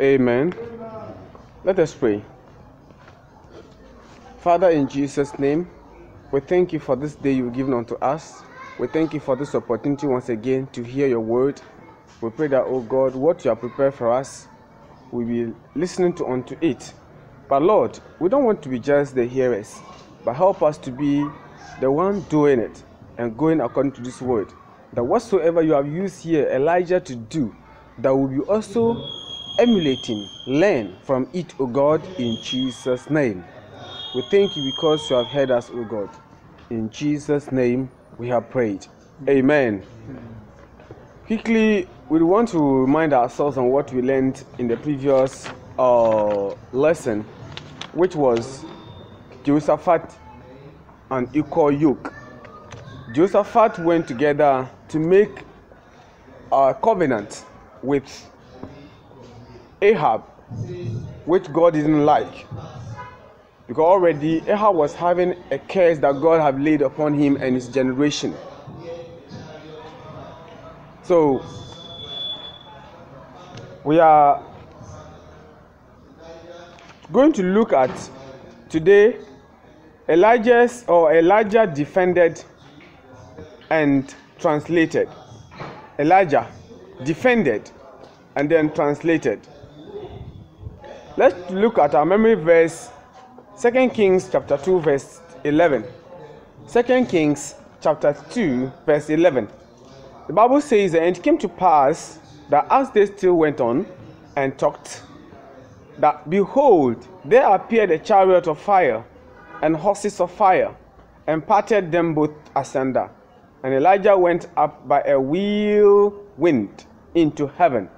Amen. Let us pray. Father, in Jesus' name, we thank you for this day you've given unto us. We thank you for this opportunity once again to hear your word. We pray that, oh God, what you have prepared for us, we will be listening to unto it. But Lord, we don't want to be just the hearers, but help us to be the one doing it and going according to this word. That whatsoever you have used here, Elijah to do, that will be also Emulating, Learn from it, O God, in Jesus' name. We thank you because you have heard us, O God. In Jesus' name we have prayed. Amen. Amen. Quickly, we want to remind ourselves on what we learned in the previous uh, lesson, which was Jehoshaphat and equal yoke. Jehoshaphat went together to make a covenant with Ahab, which God didn't like. Because already Ahab was having a curse that God had laid upon him and his generation. So we are going to look at today Elijah's or Elijah defended and translated. Elijah defended and then translated. Let's look at our memory verse 2 Kings chapter 2 verse 11. 2 Kings chapter 2 verse 11. The Bible says and it came to pass that as they still went on and talked that behold there appeared a chariot of fire and horses of fire and parted them both asunder. And Elijah went up by a whirlwind into heaven.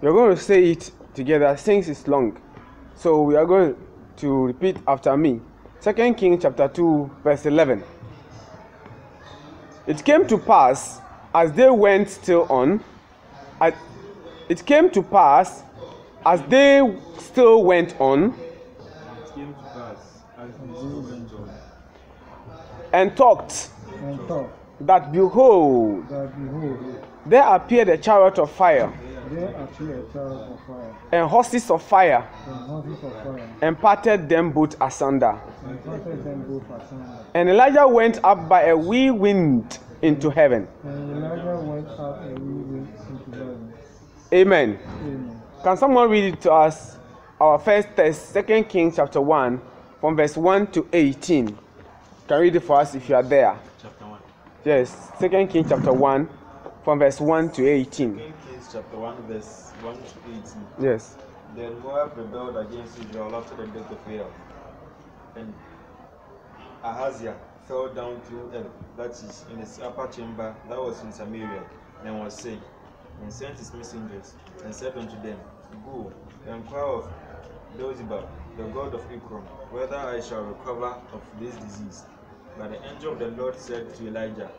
You're going to say it together since it's long. So we are going to repeat after me. Second King, chapter 2 verse 11. It came to pass as they went still on it came to pass as they still went on and talked and talk. that behold, that behold there appeared a chariot of fire and horses of fire, imparted and parted them both asunder. And Elijah went up by a wee wind into heaven. Amen. Can someone read it to us? Our first text, Second Kings chapter 1, from verse 1 to 18. Can read it for us if you are there. Chapter 1. Yes, Second Kings chapter 1, from verse 1 to 18 chapter 1, verse 1 to 18. Yes. Then Moab rebelled against Israel after the death of Ahab. And Ahaziah fell down to El, that is, in his upper chamber that was in Samaria, and was sick, and sent his messengers, and said unto them, Go, inquire of Beelzebub, the god of Ekron, whether I shall recover of this disease. But the angel of the Lord said to Elijah,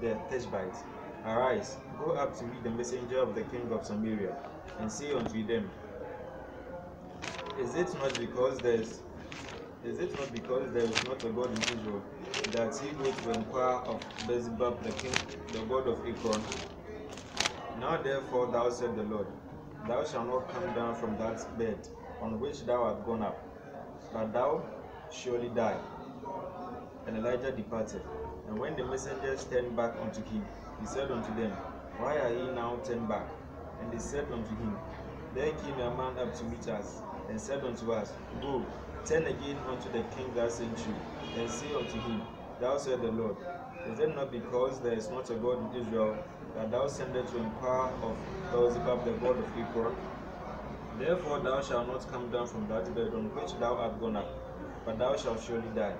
The Tishbite, Arise, go up to meet the messenger of the king of Samaria, and say unto them, Is it not because there is is it not because there is not a God in Israel that he went to inquire of Bezebub the king, the god of Ekron? Now therefore thou said the Lord, Thou shalt not come down from that bed on which thou art gone up, but thou surely die. And Elijah departed. And when the messengers turned back unto him, he said unto them, Why are ye now turned back? And they said unto him, There came a man up to meet us, and said unto us, Go, turn again unto the king that sent you, and say unto him, Thou said the Lord, Is it not because there is not a God in Israel that thou sendest to inquire of above the God of Ephron? Therefore thou shalt not come down from that bed on which thou art gone up, but thou shalt surely die.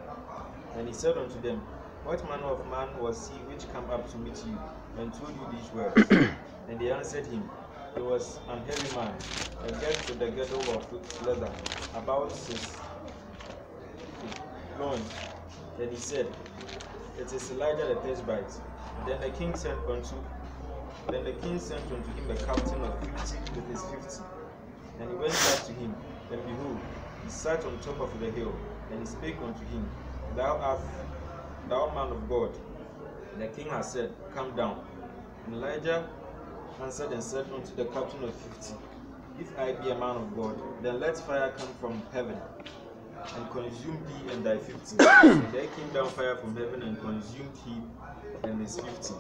And he said unto them, what manner of man was he which came up to meet you and told you these words? and they answered him, He was an heavy man, and kept with the girdle of leather about his loins. Then he said, It is Elijah the Tishbite. Then the king sent unto then the king sent unto him a captain of fifty with his fifty. And he went back to him, and behold, he sat on top of the hill, and he spake unto him, Thou art Thou man of God, the king has said, Come down. And Elijah answered and said unto the captain of fifty, If I be a man of God, then let fire come from heaven and consume thee and thy fifty. and there came down fire from heaven and consumed him and his fifty.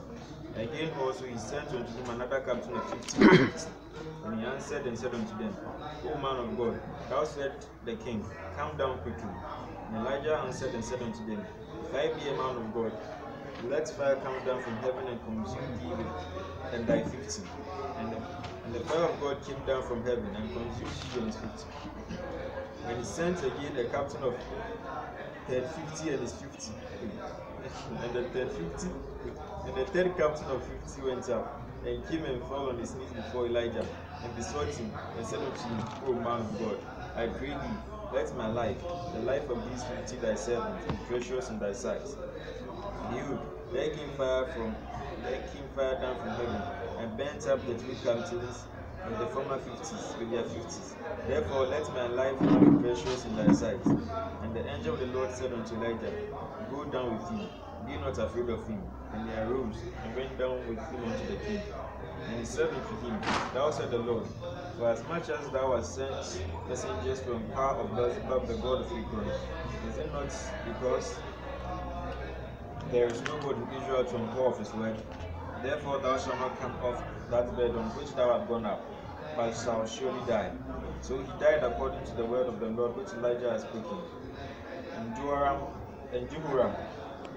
Again also he sent unto him another captain of fifty. and he answered and said unto them, O man of God, thou said the king, come down quickly. And Elijah answered and said unto them, I be a man of God, let fire come down from heaven and consume thee with, and thy fifty. And the, and the fire of God came down from heaven and consumed she and his fifty. When he sent again a captain of third fifty and his fifty, and the third fifty, and the third captain of fifty went up and came and fell on his knees before Elijah and besought him and said unto him, O man of God, I pray thee let my life, the life of these fifty thy servants, be precious in thy sight. You, let him fire from let him fire down from heaven, and burnt up the three captains in the former fifties with their fifties. Therefore let my life be precious in thy sight. And the angel of the Lord said unto Elijah, Go down with him, be not afraid of him. And he arose and went down with him unto the king he said unto him, Thou said the Lord, For as much as thou hast sent messengers from power of above the god of Israel, is it not because there is no god in Israel to impart of his word? Therefore thou shalt not come off that bed on which thou art gone up, but shalt surely die. So he died according to the word of the Lord which Elijah had spoken. And Joram and Jehoram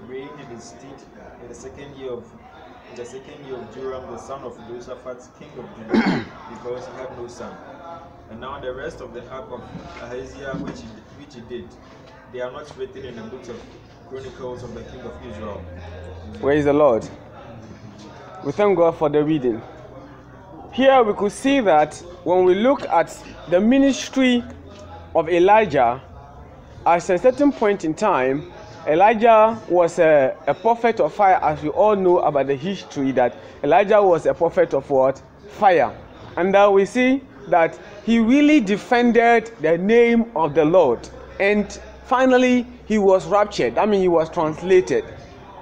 reigned in his stead in the second year of the second year of Joram, the son of Josaphat, king of Judah, because he had no son. And now the rest of the act of Ahaziah, which he, which he did, they are not written in the books of Chronicles of the king of Israel. Where is the Lord? We thank God for the reading. Here we could see that when we look at the ministry of Elijah, at a certain point in time, Elijah was a, a prophet of fire, as we all know about the history that Elijah was a prophet of what? Fire. And uh, we see that he really defended the name of the Lord. And finally, he was raptured. I mean, he was translated.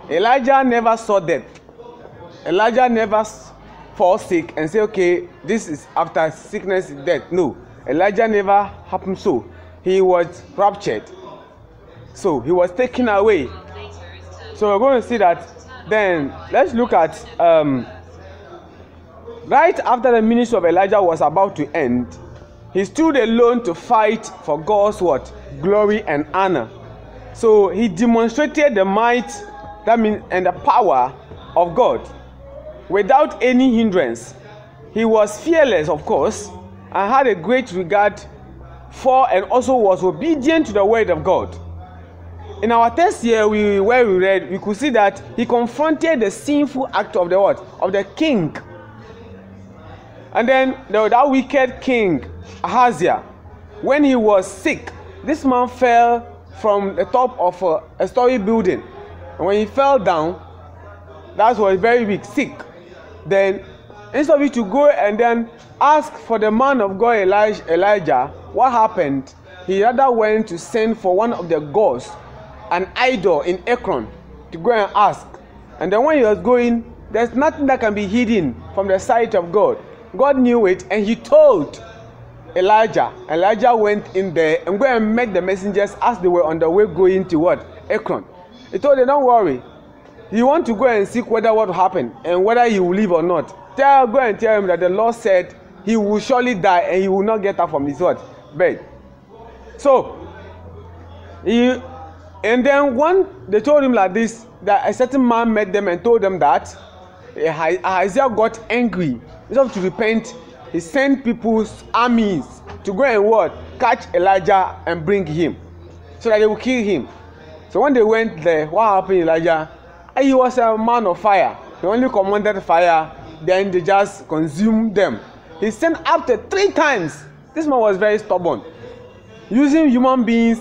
Elijah never saw death. Elijah never fall sick and say, okay, this is after sickness, death. No, Elijah never happened so. He was raptured. So he was taken away. So we're going to see that then let's look at um, right after the ministry of Elijah was about to end, he stood alone to fight for God's what glory and honor. So he demonstrated the might that mean and the power of God without any hindrance. He was fearless, of course, and had a great regard for and also was obedient to the word of God in our text here we where we read we could see that he confronted the sinful act of the what of the king and then the, that wicked king ahaziah when he was sick this man fell from the top of a, a story building and when he fell down that was very weak sick then instead of you to go and then ask for the man of god elijah, elijah what happened he rather went to send for one of the gods an idol in Ekron to go and ask. And then when he was going, there's nothing that can be hidden from the sight of God. God knew it and he told Elijah. Elijah went in there and went and met the messengers as they were on the way going to what? Ekron. He told them, Don't worry. You want to go and seek whether what happened and whether he will live or not. Tell go and tell him that the Lord said he will surely die and he will not get up from his what? Bed. So he And then when they told him like this, that a certain man met them and told them that Isaiah eh, got angry. Instead of to repent, he sent people's armies to go and what? Catch Elijah and bring him. So that they will kill him. So when they went there, what happened, Elijah? He was a man of fire. He only commanded fire, then they just consumed them. He sent after three times. This man was very stubborn. Using human beings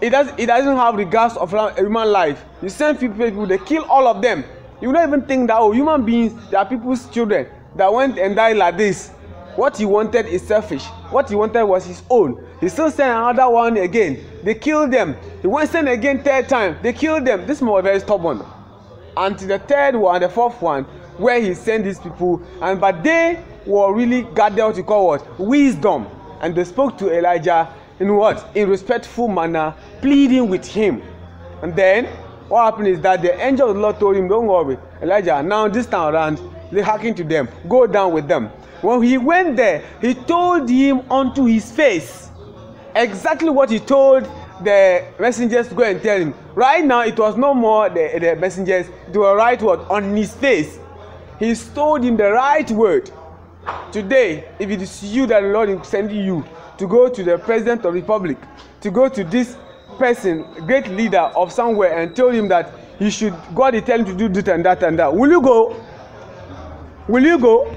it does it doesn't have regards of human life you send people people they kill all of them you don't even think that oh human beings they are people's children that went and died like this what he wanted is selfish what he wanted was his own he still send another one again they kill them he went send again third time they kill them this man was very stubborn until the third one the fourth one where he send these people and but they were really gathered to call what wisdom and they spoke to elijah in what in respectful manner pleading with him and then what happened is that the angel of the lord told him don't worry elijah now this time around they hacking to them go down with them when he went there he told him unto his face exactly what he told the messengers to go and tell him right now it was no more the the messengers they were right word on his face he told him the right word today if it is you that the lord is sending you to go to the president of the republic to go to this person great leader of somewhere and tell him that he should god and tell him to do this and that and that will you go will you go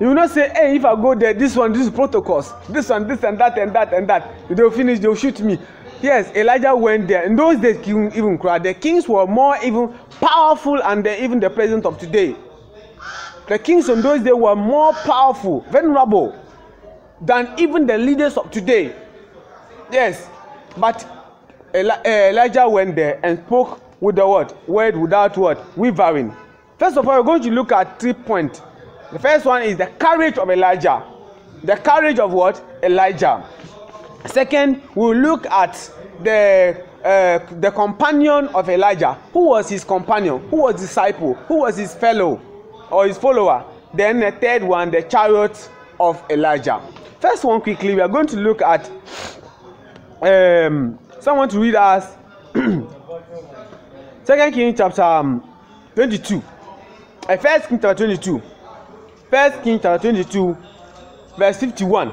you will not say hey if i go there this one this protocols this one this and that and that and that They will finish they will shoot me yes elijah went there in those days king even cried. the kings were more even powerful and even the president of today the kings in those days were more powerful venerable than even the leaders of today. Yes, but eh, Elijah went there and spoke with the word, word without word, wavering. First of all, we're going to look at three points. The first one is the courage of Elijah. The courage of what? Elijah. Second, we'll look at the uh, the companion of Elijah. Who was his companion? Who was his disciple? Who was his fellow or his follower? Then the third one, the chariot of Elijah. first one quickly we are going to look at um, someone to read us second king chapter um, 22 uh, eh, first king chapter 22 first king chapter 22 verse 51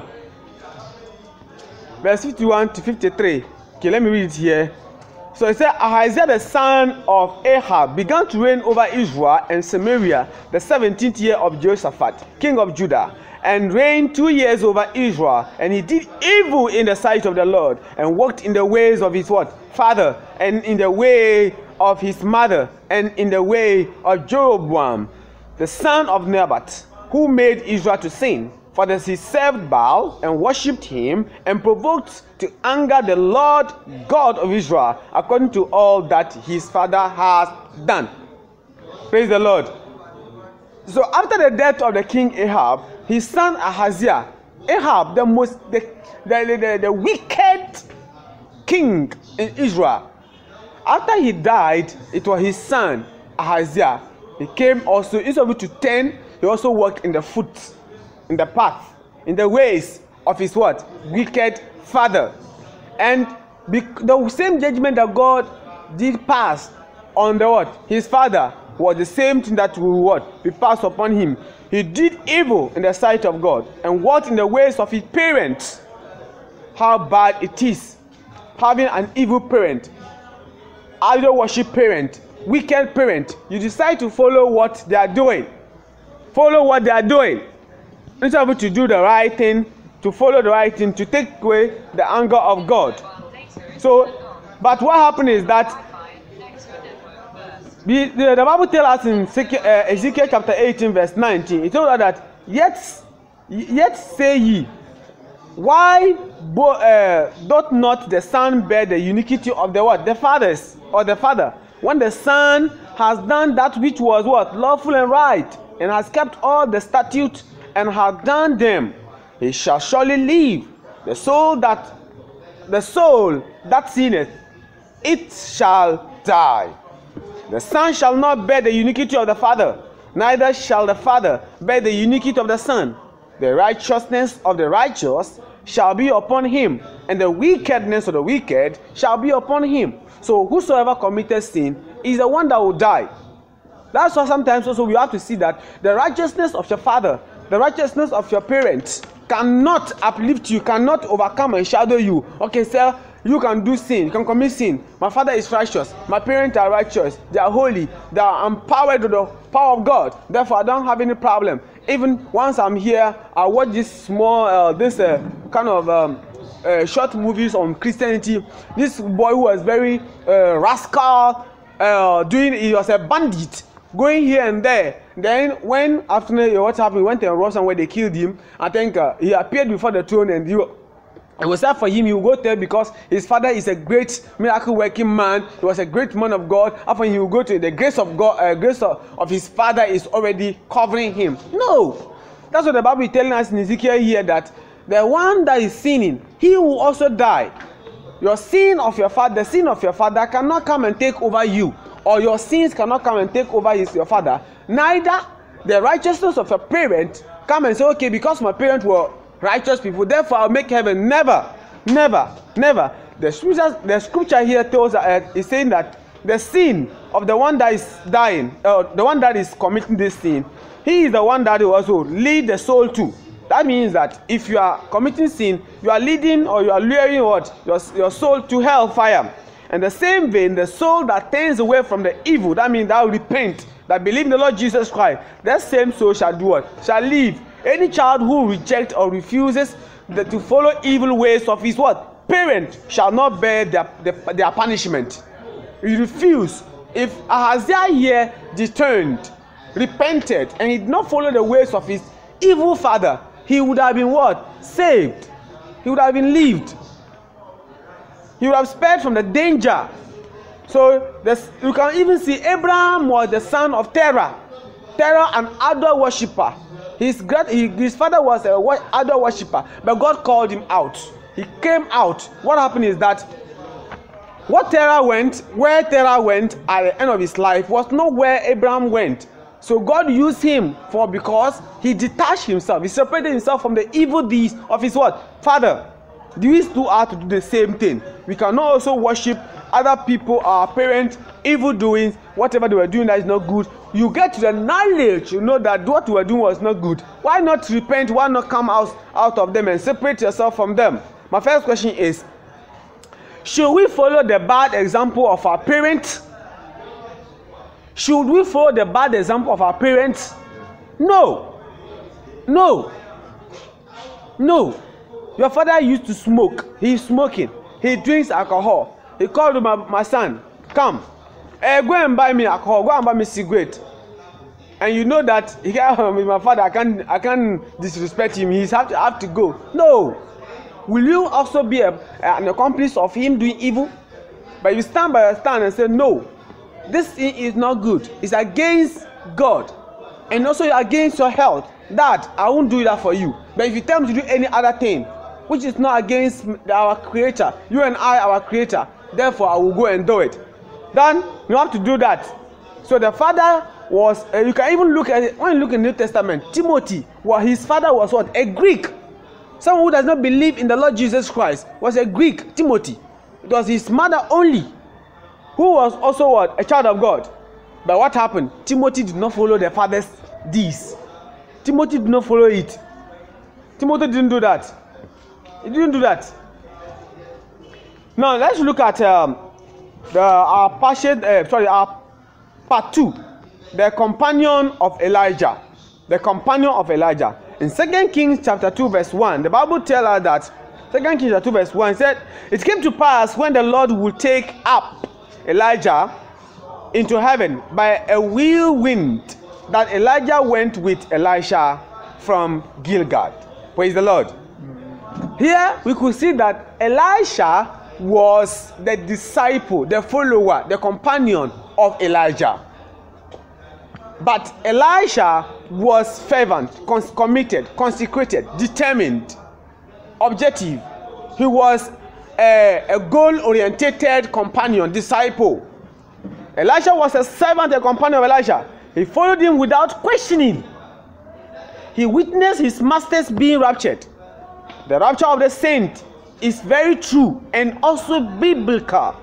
verse 51 to 53 okay let me read it here So he said, Ahaziah the son of Ahab began to reign over Israel and Samaria the 17th year of Jehoshaphat, king of Judah, and reigned two years over Israel. And he did evil in the sight of the Lord, and walked in the ways of his what? Father, and in the way of his mother, and in the way of Jeroboam, the son of Nebat, who made Israel to sin. For thus he served Baal and worshipped him and provoked to anger the Lord God of Israel according to all that his father has done. Praise the Lord. So after the death of the king Ahab, his son Ahaziah, Ahab, the most the, the, the, the wicked king in Israel, after he died, it was his son Ahaziah. He came also, instead of to ten, he also worked in the foot in the path, in the ways of his what? Wicked father. And the same judgment that God did pass on the what? His father was the same thing that will what? Be passed upon him. He did evil in the sight of God and what in the ways of his parents. How bad it is having an evil parent, idol worship parent, wicked parent. You decide to follow what they are doing. Follow what they are doing instead of to do the right thing, to follow the right thing, to take away the anger of God. So, but what happened is that the, the, the Bible tells us in uh, Ezekiel chapter 18, verse 19, it tells us that, yet, yet say ye, why bo, uh, doth not the son bear the iniquity of the what? The fathers or the father. When the son has done that which was what? Lawful and right, and has kept all the statutes and hath done them, he shall surely live. The soul that the soul that sinneth, it shall die. The Son shall not bear the iniquity of the Father, neither shall the Father bear the iniquity of the Son. The righteousness of the righteous shall be upon him, and the wickedness of the wicked shall be upon him. So whosoever committed sin is the one that will die. That's why sometimes also we have to see that the righteousness of your father the righteousness of your parents cannot uplift you, cannot overcome and shadow you. Okay, sir, you can do sin, you can commit sin. My father is righteous, my parents are righteous, they are holy, they are empowered with the power of God. Therefore, I don't have any problem. Even once I'm here, I watch this small, uh, this uh, kind of. Um, uh, short movies on Christianity. This boy who was very uh, rascal, uh, doing he was a bandit. going here and there. Then when after what happened, he went and robbed somewhere, they killed him. I think uh, he appeared before the throne and he it was sad for him. He will go there because his father is a great miracle working man. He was a great man of God. After he will go to the grace of God, uh, grace of, of his father is already covering him. No, that's what the Bible is telling us in Ezekiel here that the one that is sinning, he will also die. Your sin of your father, the sin of your father cannot come and take over you. or your sins cannot come and take over his your father neither the righteousness of your parent come and say okay because my parents were righteous people therefore i'll make heaven never never never the scripture the scripture here tells uh, is saying that the sin of the one that is dying uh, the one that is committing this sin he is the one that will also lead the soul to that means that if you are committing sin you are leading or you are luring what your, your soul to hell fire In the same vein, the soul that turns away from the evil, that means that repent, that believe in the Lord Jesus Christ, that same soul shall do what? Shall live. Any child who rejects or refuses the, to follow evil ways of his what? Parent shall not bear their, their, their punishment. He refused. If Ahaziah here returned, repented, and did not follow the ways of his evil father, he would have been what? Saved. He would have been lived. He would have spared from the danger. So you can even see Abraham was the son of Terah. Terah, an idol worshipper. His, great, his father was an idol worshipper, but God called him out. He came out. What happened is that what Terah went, where Terah went at the end of his life, was not where Abraham went. So God used him for because he detached himself, he separated himself from the evil deeds of his what? Father. These two are to do the same thing. we cannot also worship other people our parents evil doings whatever they were doing that is not good you get to the knowledge you know that what you were doing was not good why not repent why not come out out of them and separate yourself from them my first question is should we follow the bad example of our parents should we follow the bad example of our parents no no no your father used to smoke he is smoking He drinks alcohol. He called my, my son, Come, eh? go and buy me alcohol, go and buy me cigarette. And you know that he can't, my father, I can't, I can't disrespect him. He's have to have to go. No. Will you also be a, an accomplice of him doing evil? But you stand by your stand and say, No, this thing is not good. It's against God and also against your health. That I won't do that for you. But if you tell me to do any other thing, which is not against our creator you and i our creator therefore i will go and do it then you have to do that so the father was uh, you can even look at it, when you look in new testament timothy well his father was what a greek someone who does not believe in the lord jesus christ was a greek timothy it was his mother only who was also what a child of god but what happened timothy did not follow the father's deeds timothy did not follow it timothy didn't do that he didn't do that. Now let's look at um, the, our passion. uh, sorry, our part two, the companion of Elijah, the companion of Elijah. In Second Kings chapter two verse one, the Bible tells us that Second Kings chapter two verse one said, "It came to pass when the Lord would take up Elijah into heaven by a whirlwind that Elijah went with Elisha from Gilgal." Praise the Lord. Here we could see that Elisha was the disciple, the follower, the companion of Elijah. But Elisha was fervent, cons- committed, consecrated, determined, objective. He was eh, a, a goal oriented companion, disciple. Elisha was a servant, a companion of Elijah. He followed him without questioning. He witnessed his masters being raptured. The rapture of the saint is very true and also biblical.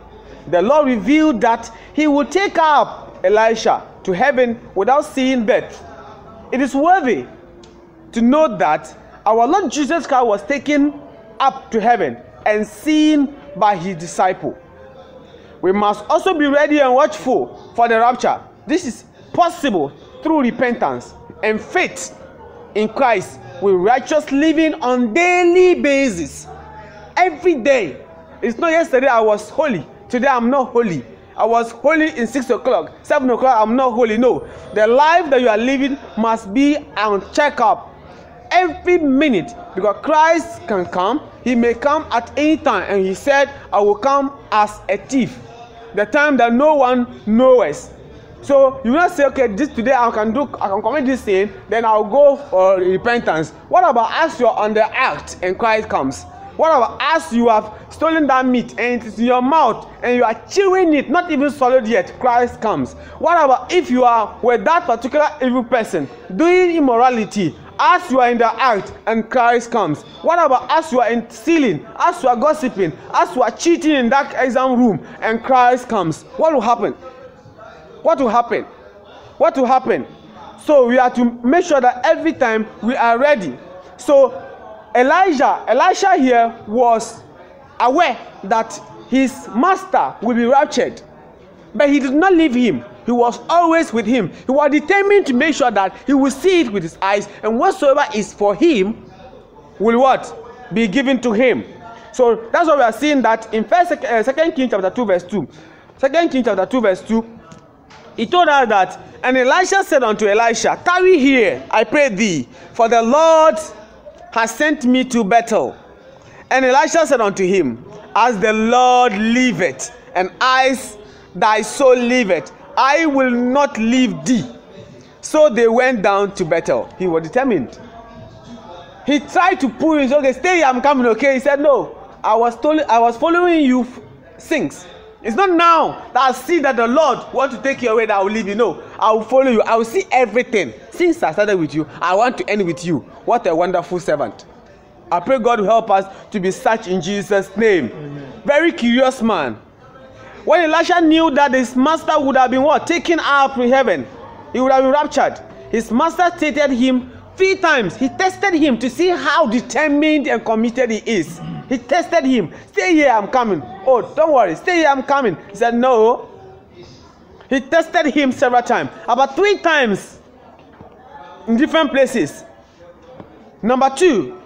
The Lord revealed that he will take up Elisha to heaven without seeing death. It is worthy to note that our Lord Jesus Christ was taken up to heaven and seen by his disciple. We must also be ready and watchful for the rapture. This is possible through repentance and faith in Christ with righteous living on daily basis every day it's not yesterday i was holy today i'm not holy i was holy in six o'clock seven o'clock i'm not holy no the life that you are living must be on check up every minute because christ can come he may come at any time and he said i will come as a thief the time that no one knows. So you not say, okay, this today I can do, I can commit this sin, then I'll go for repentance. What about as you are on the act and Christ comes? What about as you have stolen that meat and it is in your mouth and you are chewing it, not even swallowed yet? Christ comes. What about if you are with that particular evil person doing immorality as you are in the act and Christ comes. What about as you are in stealing, as you are gossiping, as you are cheating in that exam room and Christ comes? What will happen? what will happen? What will happen? So we are to make sure that every time we are ready. So Elijah, Elisha here was aware that his master will be raptured, but he did not leave him. He was always with him. He was determined to make sure that he will see it with his eyes, and whatsoever is for him will what be given to him. So that's what we are seeing that in First, eh, Second Kings chapter two, verse two, Second Kings chapter two, verse two. He told her that, and Elisha said unto Elisha, Tarry here, I pray thee, for the Lord has sent me to Bethel. And Elisha said unto him, As the Lord liveth, and as thy soul liveth, I will not leave thee. So they went down to Bethel. He was determined. He tried to pull his. okay, stay here, I'm coming, okay? He said, No, I was told I was following you since. It's not now that I see that the Lord want to take you away that I will leave you. No, I will follow you. I will see everything. Since I started with you, I want to end with you. What a wonderful servant. I pray God will help us to be such in Jesus' name. Amen. Very curious man. When Elisha knew that his master would have been what? Taken up to heaven. He would have been raptured. His master stated him three times. He tested him to see how determined and committed he is. He tested him. Stay here, I'm coming. Oh, don't worry. Stay here, I'm coming. He said, No. He tested him several times, about three times in different places. Number two,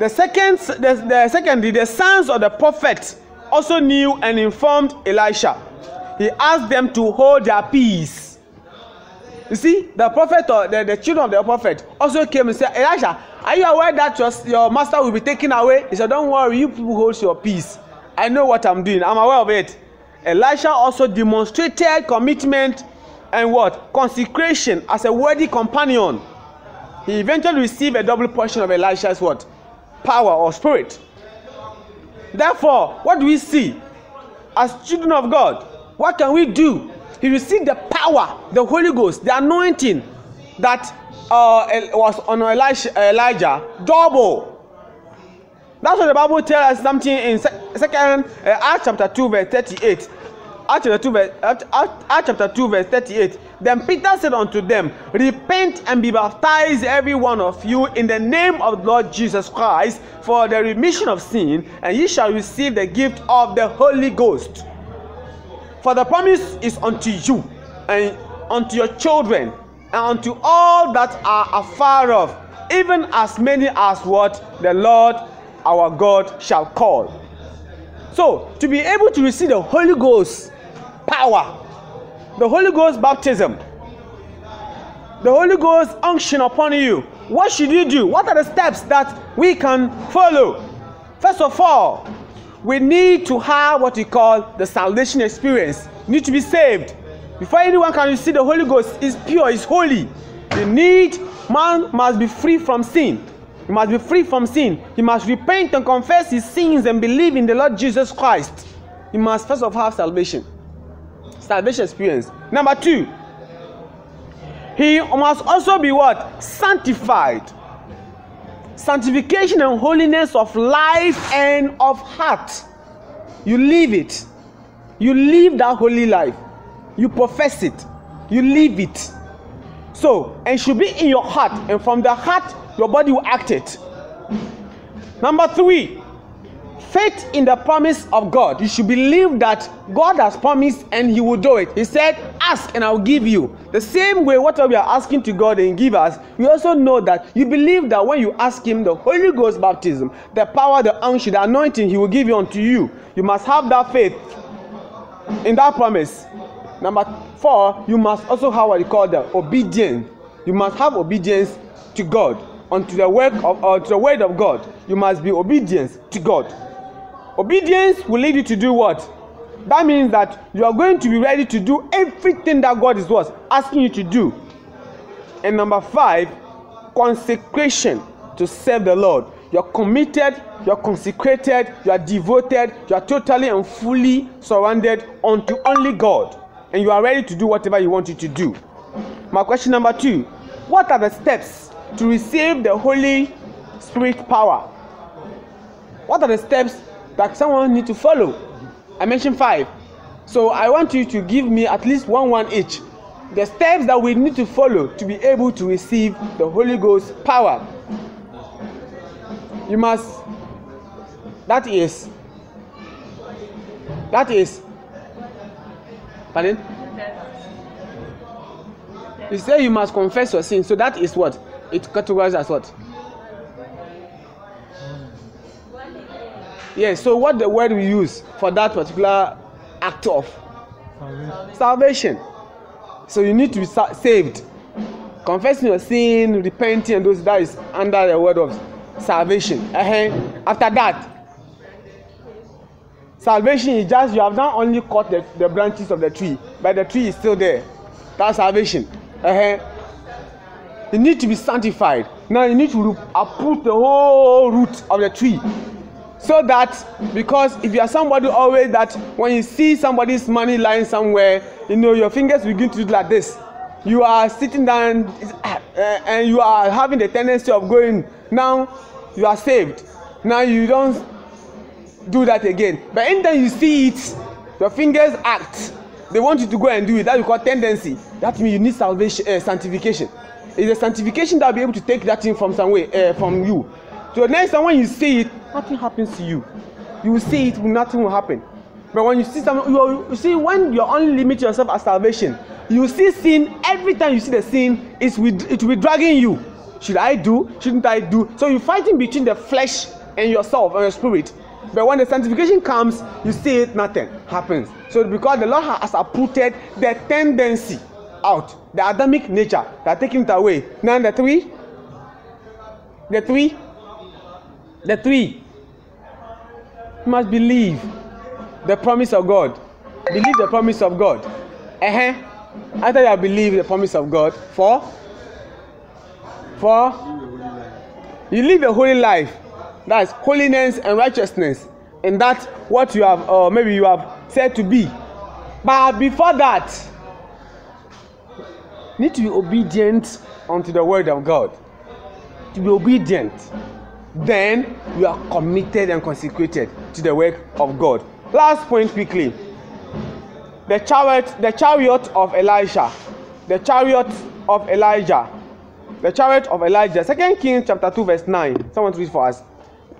the second, the, the secondly, the sons of the prophet also knew and informed Elisha. He asked them to hold their peace. You see, the prophet or the, the children of the prophet also came and said, Elisha, Are you aware that your, your master will be taken away? He said, Don't worry, you people hold your peace. I know what I'm doing. I'm aware of it. Elisha also demonstrated commitment and what? Consecration as a worthy companion. He eventually received a double portion of Elisha's what? Power or spirit. Therefore, what do we see? As children of God, what can we do? He received the power, the Holy Ghost, the anointing that uh, was on Elijah, double. That's what the Bible tells us something in Second uh, Acts chapter two verse thirty-eight. Acts chapter, 2, verse, Acts, Acts chapter 2 verse 38 then peter said unto them repent and be baptized every one of you in the name of the lord jesus christ for the remission of sin and ye shall receive the gift of the holy ghost for the promise is unto you and unto your children and unto all that are afar off, even as many as what the Lord our God shall call. So, to be able to receive the Holy Ghost power, the Holy Ghost baptism, the Holy Ghost unction upon you, what should you do? What are the steps that we can follow? First of all, we need to have what we call the salvation experience. need to be saved. Before anyone can receive the Holy Ghost, is pure, is holy. The need man must be free from sin. He must be free from sin. He must repent and confess his sins and believe in the Lord Jesus Christ. He must first of all have salvation. Salvation experience. Number two, he must also be what? Sanctified. Sanctification and holiness of life and of heart. You live it. You live that holy life you profess it, you live it. So, and should be in your heart, and from the heart, your body will act it. Number three, faith in the promise of God. You should believe that God has promised and He will do it. He said, Ask and I'll give you. The same way, whatever we are asking to God and give us, we also know that you believe that when you ask Him the Holy Ghost baptism, the power, the unction, the anointing He will give you unto you. You must have that faith in that promise. Number four, you must also have what you call the obedience. You must have obedience to God, unto the work of or uh, to the word of God. You must be obedience to God. Obedience will lead you to do what? That means that you are going to be ready to do everything that God is was asking you to do. And number five, consecration to serve the Lord. You are committed, You are consecrated, you are devoted, you are totally and fully surrendered unto only God. and you are ready to do whatever you want it to do. My question number two What are the steps to receive the Holy Spirit power? What are the steps that someone need to follow? I mentioned five. So I want you to give me at least one one each. The steps that we need to follow to be able to receive the Holy Ghost power. You must, that is, that is Pardon? You say you must confess your sin. So that is what? It categorizes as what? Yes, so what the word we use for that particular act of? Salvation. Salvation. So you need to be sa saved. Confessing your sin, repenting, and those that is under the word of salvation. Uh -huh. After that, Salvation is just you have not only cut the, the branches of the tree, but the tree is still there. That's salvation. Uh-huh. You need to be sanctified. Now you need to uproot the whole root of the tree. So that because if you are somebody always that when you see somebody's money lying somewhere, you know your fingers begin to do like this. You are sitting down eh, and you are having the tendency of going. Now you are saved. Now you don't do that again but anytime you see it your fingers act they want you to go and do it that we call tendency that means you need salvation uh, sanctification it's a sanctification that will be able to take that thing from somewhere uh, from you so next time when you see it nothing happens to you you will see it nothing will happen but when you see something you, you see when you only limit yourself as salvation you see sin every time you see the sin it's with it will be dragging you should i do shouldn't i do so you're fighting between the flesh and yourself and your spirit But when the sanctification comes, you see it, nothing happens. So because the Lord has uprooted the tendency out, the Adamic nature that taking it away. Now the three, the three, the three. must believe the promise of God. Believe the promise of God. Uh-huh. After you believe the promise of God, for, for, you live a holy life That is holiness and righteousness in that what you have or uh, maybe you have said to be but before that need to be obedient unto the word of god to be obedient then you are committed and consecrated to the work of god last point quickly the chariot the chariot of elijah the chariot of elijah the chariot of elijah second Kings chapter two verse nine someone read for us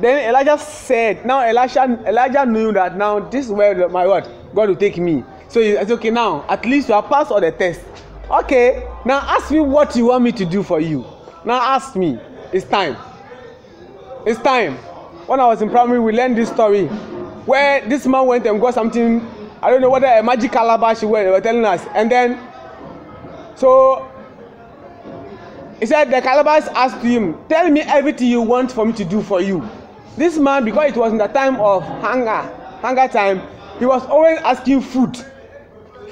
Then Elijah said, now Elijah, Elijah knew that now this is where the, my word, God will take me. So he said, okay, now at least you have passed all the tests. Okay, now ask me what you want me to do for you. Now ask me. It's time. It's time. When I was in primary, we learned this story where this man went and got something. I don't know whether a magic calabash were, they were telling us. And then, so he said, the calabash asked him, Tell me everything you want for me to do for you. This man, because it was in the time of hunger, hunger time, he was always asking food.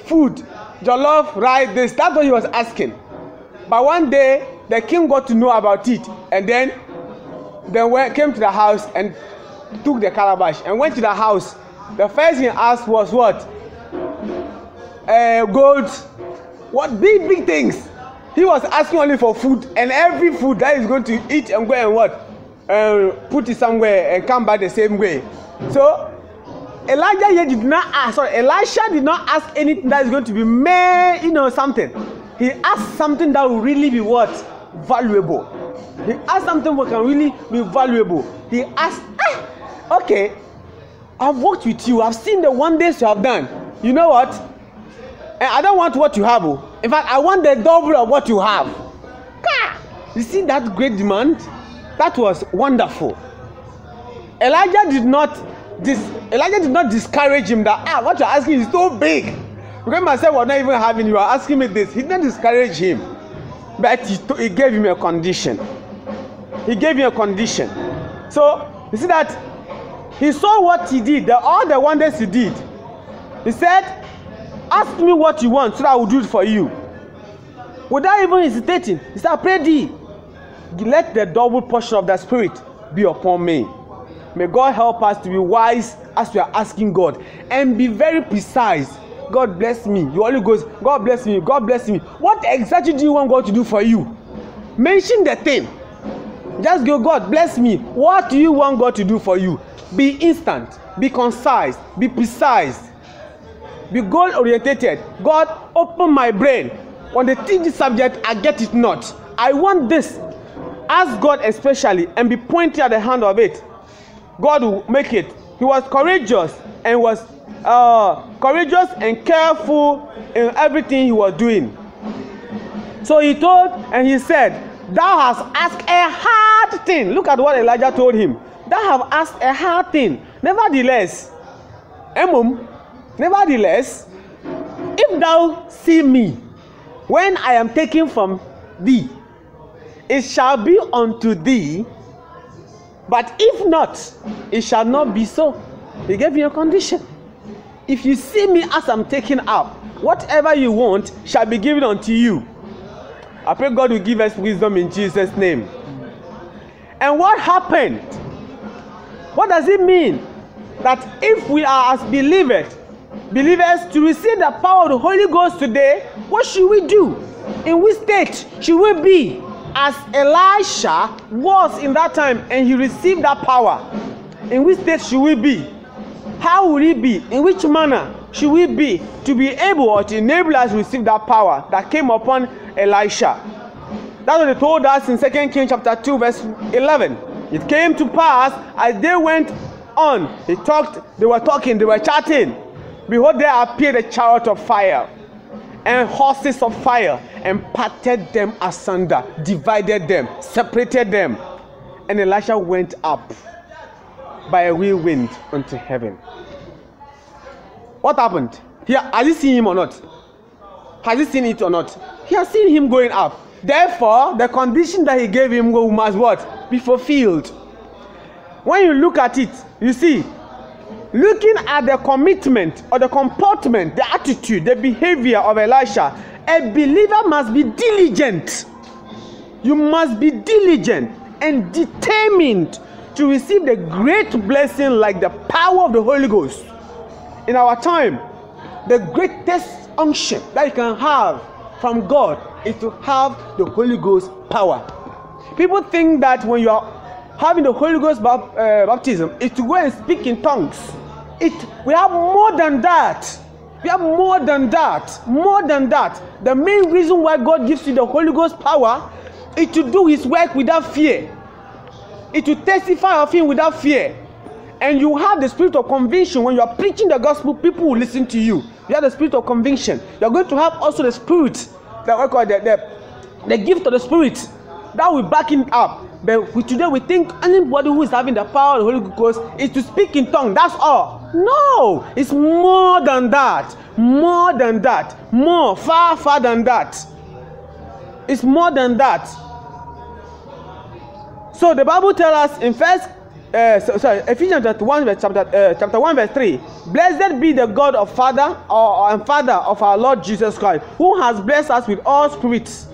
Food, jollof, rice, this. That's what he was asking. But one day, the king got to know about it, and then they went, came to the house and took the calabash and went to the house. The first thing asked was what? Uh, gold. What big, big things. He was asking only for food, and every food that he's going to eat and go and what? uh, put it somewhere and come back the same way. So Elijah here did not ask, sorry, Elisha did not ask anything that is going to be made, you know, something. He asked something that will really be what? Valuable. He asked something that can really be valuable. He asked, ah, okay, I've worked with you, I've seen the wonders you have done. You know what? And I don't want what you have. Oh. In fact, I want the double of what you have. You see that great demand? That was wonderful. Elijah did not dis Elijah did not discourage him that ah what you're asking is so big. Because myself was not even having you are asking me this. He didn't discourage him, but he, he gave him a condition. He gave him a condition. So you see that he saw what he did, the, all the wonders he did. He said, Ask me what you want so that I will do it for you. Without even hesitating, he said, I pray thee let the double portion of the Spirit be upon me. May God help us to be wise as we are asking God and be very precise. God bless me. You only goes, God bless me, God bless me. What exactly do you want God to do for you? Mention the thing. Just go, God bless me. What do you want God to do for you? Be instant, be concise, be precise, be goal oriented. God, open my brain. On the teaching subject, I get it not. I want this. Ask God especially and be pointed at the hand of it. God will make it. He was courageous and was uh, courageous and careful in everything he was doing. So he told and he said, Thou hast asked a hard thing. Look at what Elijah told him. Thou have asked a hard thing. Nevertheless, Emum, nevertheless, if thou see me when I am taken from thee, it shall be unto thee, but if not, it shall not be so. He gave me a condition. If you see me as I'm taken up, whatever you want shall be given unto you. I pray God will give us wisdom in Jesus' name. And what happened? What does it mean? That if we are as believers, believers to receive the power of the Holy Ghost today, what should we do? In which state should we be? as Elisha was in that time and he received that power, in which state should we be? How will it be? In which manner should we be to be able or to enable us to receive that power that came upon Elisha? That's what they told us in 2 Kings chapter 2, verse 11. It came to pass as they went on, they talked, they were talking, they were chatting. Behold, there appeared a chariot of fire and horses of fire and parted them asunder, divided them, separated them. And Elisha went up by a whirlwind unto heaven. What happened? Here, has he seen him or not? Has he seen it or not? He has seen him going up. Therefore, the condition that he gave him must what? Be fulfilled. When you look at it, you see looking at the commitment or the comportment, the attitude, the behavior of Elisha, a believer must be diligent. You must be diligent and determined to receive the great blessing like the power of the Holy Ghost. In our time, the greatest unction that you can have from God is to have the Holy Ghost power. People think that when you are having the Holy Ghost uh, baptism is to go and speak in tongues. It, we have more than that. We have more than that. More than that. The main reason why God gives you the Holy Ghost power is to do His work without fear, it to testify of Him without fear. And you have the spirit of conviction. When you are preaching the gospel, people will listen to you. You have the spirit of conviction. You are going to have also the spirit, the, the, the, the gift of the spirit that will back it up. But we, today we think anybody who is having the power of the Holy Ghost is to speak in tongue. That's all. No, it's more than that. More than that. More, far, far than that. It's more than that. So the Bible tells us in First, uh, so, sorry, Ephesians chapter one, verse, chapter, uh, chapter one, verse three. Blessed be the God of Father or, or and Father of our Lord Jesus Christ, who has blessed us with all spirits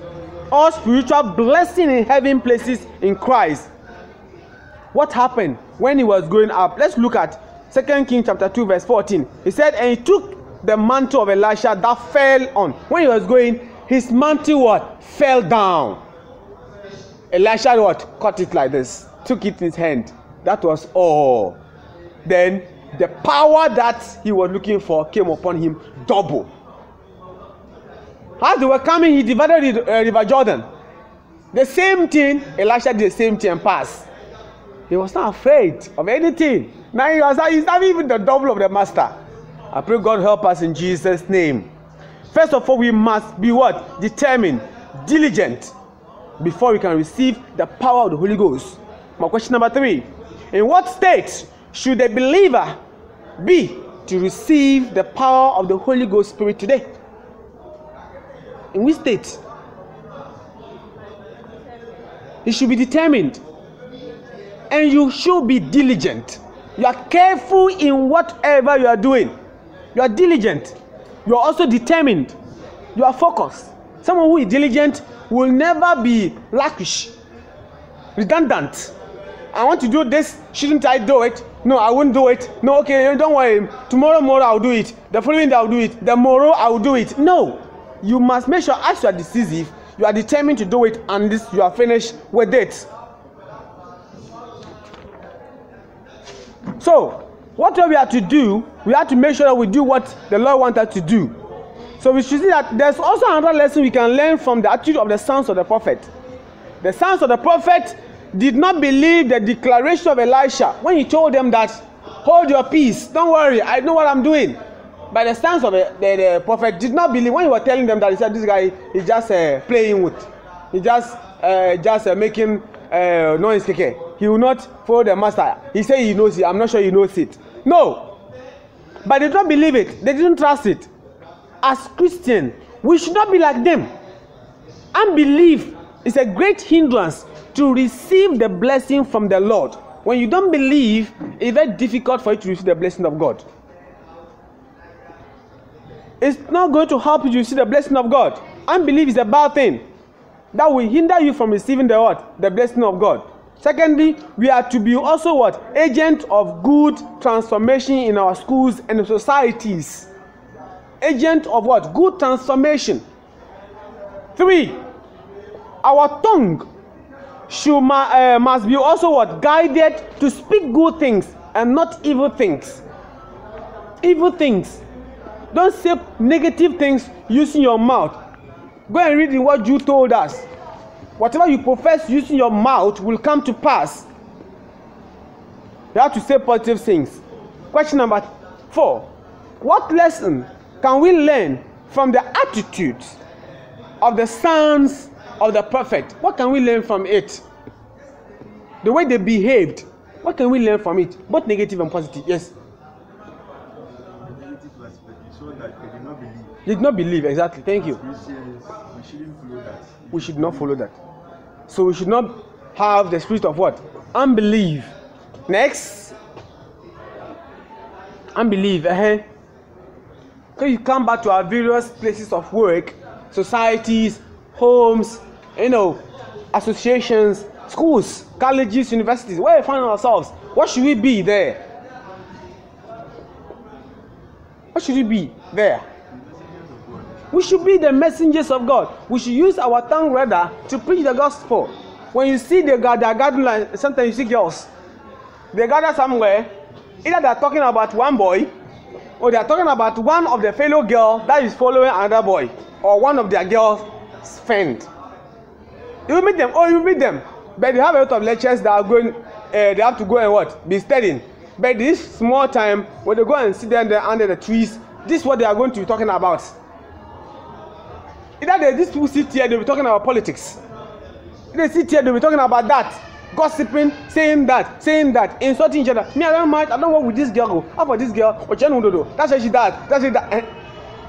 all spiritual blessing in heaven places in Christ. What happened when he was going up? Let's look at Second King chapter 2, verse 14. He said, And he took the mantle of Elisha that fell on. When he was going, his mantle what? Fell down. Elisha what? Caught it like this, took it in his hand. That was all. Then the power that he was looking for came upon him double. As they were coming, he divided the uh, river Jordan. The same thing, Elisha did the same thing and passed. He was not afraid of anything. Now he was he's not even the double of the master. I pray God help us in Jesus' name. First of all, we must be what? Determined, diligent before we can receive the power of the Holy Ghost. My question number three In what state should a believer be to receive the power of the Holy Ghost Spirit today? in which state it should be determined and you should be diligent you are careful in whatever you are doing you are diligent you are also determined you are focused someone who is diligent will never be lackish redundant i want to do this shouldn't i do it no i won't do it no okay don't worry tomorrow morning i'll do it the following day i'll do it the morrow i'll do it no you must make sure as you are decisive, you are determined to do it, and this you are finished with it. So, what we have to do, we have to make sure that we do what the Lord wants us to do. So we should see that there's also another lesson we can learn from the attitude of the sons of the prophet. The sons of the prophet did not believe the declaration of Elisha when he told them that, Hold your peace, don't worry, I know what I'm doing by the stance of the, the prophet did not believe when he was telling them that he said this guy is just uh, playing with, he just uh, just uh, making uh, noise. He will not follow the master. He said he knows it. I'm not sure he knows it. No, but they did not believe it. They didn't trust it. As Christian, we should not be like them. Unbelief is a great hindrance to receive the blessing from the Lord. When you don't believe, it's very difficult for you to receive the blessing of God. It's not going to help you see the blessing of God. Unbelief is a bad thing that will hinder you from receiving the what? The blessing of God. Secondly, we are to be also what? Agent of good transformation in our schools and societies. Agent of what? Good transformation. Three, our tongue should, uh, must be also what? Guided to speak good things and not evil things. Evil things. Don't say negative things using your mouth. Go and read in what you told us. Whatever you profess using your mouth will come to pass. You have to say positive things. Question number four What lesson can we learn from the attitudes of the sons of the prophet? What can we learn from it? The way they behaved, what can we learn from it? Both negative and positive, yes. did not believe, exactly. Thank you. we shouldn't follow that. We should not follow that. So we should not have the spirit of what? Unbelief. Next. Unbelief. Uh-huh. So you come back to our various places of work, societies, homes, you know, associations, schools, colleges, universities, where we find ourselves. What should we be there? What should we be there? We should be the messengers of God. We should use our tongue rather to preach the gospel. When you see the gather, gathering, sometimes you see girls. They gather somewhere. Either they are talking about one boy, or they are talking about one of the fellow girl that is following another boy, or one of their girls' friend. You meet them, or oh, you meet them, but they have a lot of lectures that are going. Uh, they have to go and what be studying. But this small time, when they go and sit there under the trees, this is what they are going to be talking about. Either they, these people sit here, they'll be talking about politics. They sit here, they'll be talking about that. Gossiping, saying that, saying that, insulting each other. Me, I don't mind. I don't want with this girl. Oh. How about this girl? That's what she does. That's it. that. And,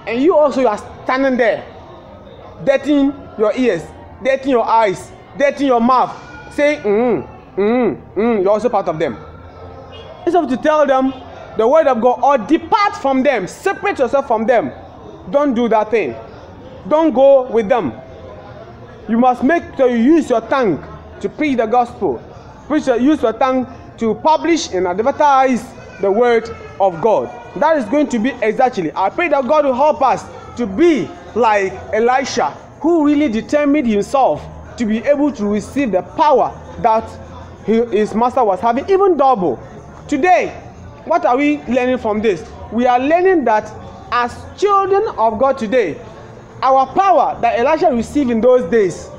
and you also you are standing there, dirtying your ears, dirtying your eyes, dirtying your mouth, saying, mm, mm, mm, mm. You're also part of them. Instead of to tell them the word of God or depart from them, separate yourself from them. Don't do that thing. Don't go with them. You must make sure you use your tongue to preach the gospel. Preach, use your tongue to publish and advertise the word of God. That is going to be exactly. I pray that God will help us to be like Elisha, who really determined himself to be able to receive the power that his master was having, even double. Today, what are we learning from this? We are learning that as children of God today, our power that Elijah received in those days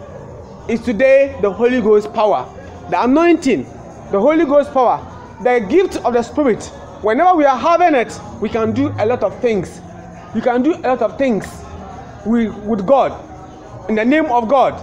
is today the Holy Ghost power, the anointing, the Holy Ghost power, the gift of the Spirit. Whenever we are having it, we can do a lot of things. You can do a lot of things with, with God, in the name of God.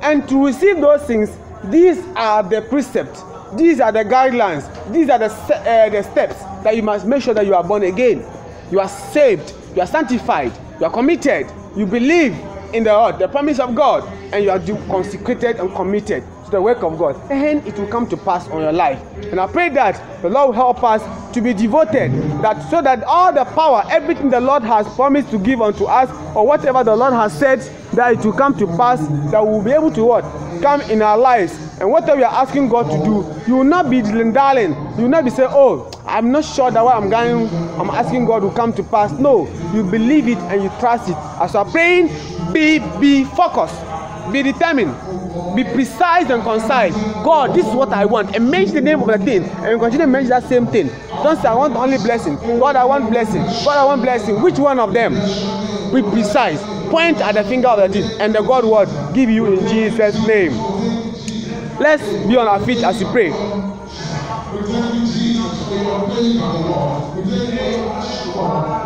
And to receive those things, these are the precepts, these are the guidelines, these are the, uh, the steps that you must make sure that you are born again. You are saved, you are sanctified, you are committed, You believe in the, the promise of God and you are consecrated and committed to the work of God, and it will come to pass on your life. And I pray that the Lord will help us to be devoted, that so that all the power, everything the Lord has promised to give unto us, or whatever the Lord has said, that it will come to pass, that we will be able to what? Come in our lives. And whatever you are asking God to do, you will not be darling. You will not be saying, Oh, I'm not sure that what I'm going, I'm asking God will come to pass. No, you believe it and you trust it. As you are praying, be be focused, be determined. be precise and concise god this is what i want and mention the name of the thing and you continue to mention that same thing don't say i want only blessing god i want blessing god i want blessing which one of them be precise point at the finger of the thing and the god word give you in jesus name let's be on our feet as we pray. Thank you.